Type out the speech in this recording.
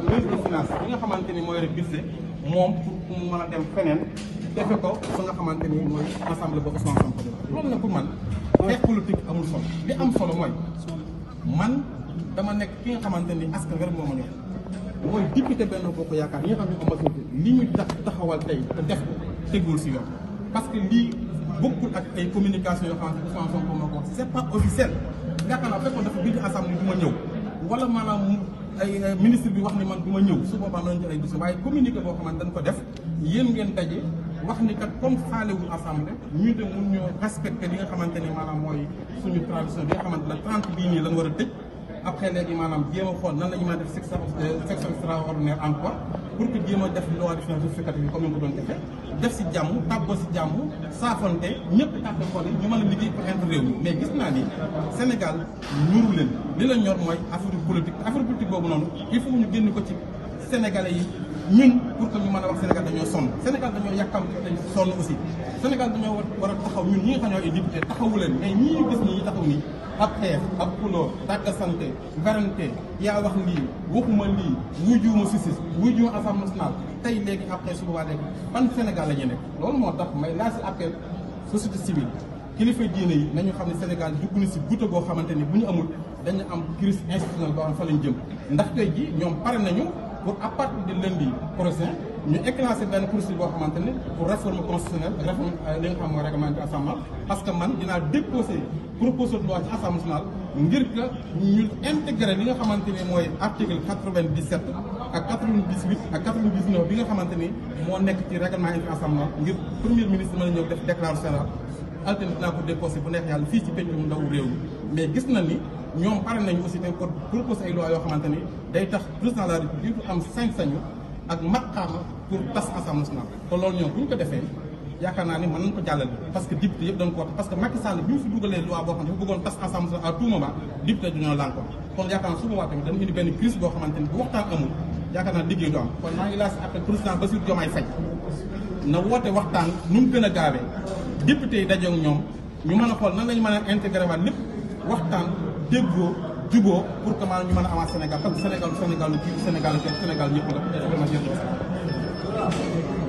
ministre des finances bi nga ni mooy rek budget moom pour mu mën a dem feneen defe ko ba nga xamante ni mooy assemblée ba Ousmane Sonko loolu nag pour li am solo mooy man dama nekk ki nga xamante ni askan wi rek moo ma ñor mooy yaakaar ñi nga xam li ñu tax taxawal tey te def ko tegul si yoon parce que lii bokkul ak ay communication yoo xam ne Ousmane Sonko moo ko c'est pas officiel yaakaar naa fekkoon dafa bind assemblée du ma ñëw wala maanaam ay ministre bi wax ni man du ma ñëw su boobaa noonu jël ay dossier waaye communiqué boo xamante dañ ko def yéen ngeen daje wax ni kat comme faalewul assemblée ñu de mun ñoo respecté li nga xamante ne maanaam mooy suñu tradition bi nga xamante ne trente bii nii lañ war a tëj après léegi maanaam jéem a xool nan la ñu mën a def section euh, extraordinaire encore pour que jéem def loi de finances rectificative bi comme ni nga ko doon defee def si jàmm tàggoo si jàmm saafante ñëpp tàggat ko ñu mën a liggéey pour xeetu réew mi mais gis naa ni Sénégal ñuru leen li la ñor mooy affaire politique affaire politique boobu noonu il faut ñu génn ko ci Sénégalais yi ñun pour que ñu mën a wax Sénégal dañoo sonn Sénégal dañoo yàkkam dañ sonn aussi Sénégal dañoo war a taxaw ñun ñi nga xam ne ay taxawu leen mais ñii ñu gis nii ab xeex ab xuloo tàgg sante werante yaa wax lii waxuma lii wujuma sisis wujuma assemblée nationale tey léegi ab xeex suba waa léegi ban Sénégal la ñu nekk loolu moo tax may laa si appel société civile kilifa diine yi nañu xam ne Sénégal dugg na si guta boo xamante ni bu ñu amul dañu am crise institutionnelle boo xam fa lañ jëm ndax tey ji ñoom pare nañu pour à partir de lundi prochain ñu éclancé benn procédure boo xamante ne pour réforme constitutionnelle réforme euh, li nga xam mooy réglementaire assemblée parce que man dinaa déposé proposition de loi ci assemblée nationale ngir que ñu intégré li nga xamante ni mooy article 97 ak 98 ak 99 bi nga xamante ni moo nekk ci règlement intérieur assemblée ngir premier ministre mën a ñëw def déclaration générale alternative dinaa ko déposé bu neex yàlla fii ci pencum ndaw réew mi mais gis na ni ñoom pare nañu aussi tamit pour proposer ay loi yoo xamante ni day tax président de la république am sañ-sañu ak maqaama pour tas assemblée nationale te loolu ñoom bu ñu ko defee yaakaar naa ni mën nañ ko jàllale parce que député yëpp dañ ko wax parce que Macky Sall bi mu fi dugalee loi boo xam ne dafa bëggoon tas assemblée nationale à tout benn crise boo xamante ni bu waxtaan amul yaakaar naa liggéey du am kon maa ngi laaj appel président Bassirou Diomaye Faye na woote waxtaan nu mu gën a gaawee député tey dajeeg ñoom ñu mën a xool nan lañu mën a intégré waat lépp waxtaan déggoo juboo pour que maanaam ñu mën a amaat Sénégal parce que Sénégal Sénégal kii Sénégal kii Sénégal ma la.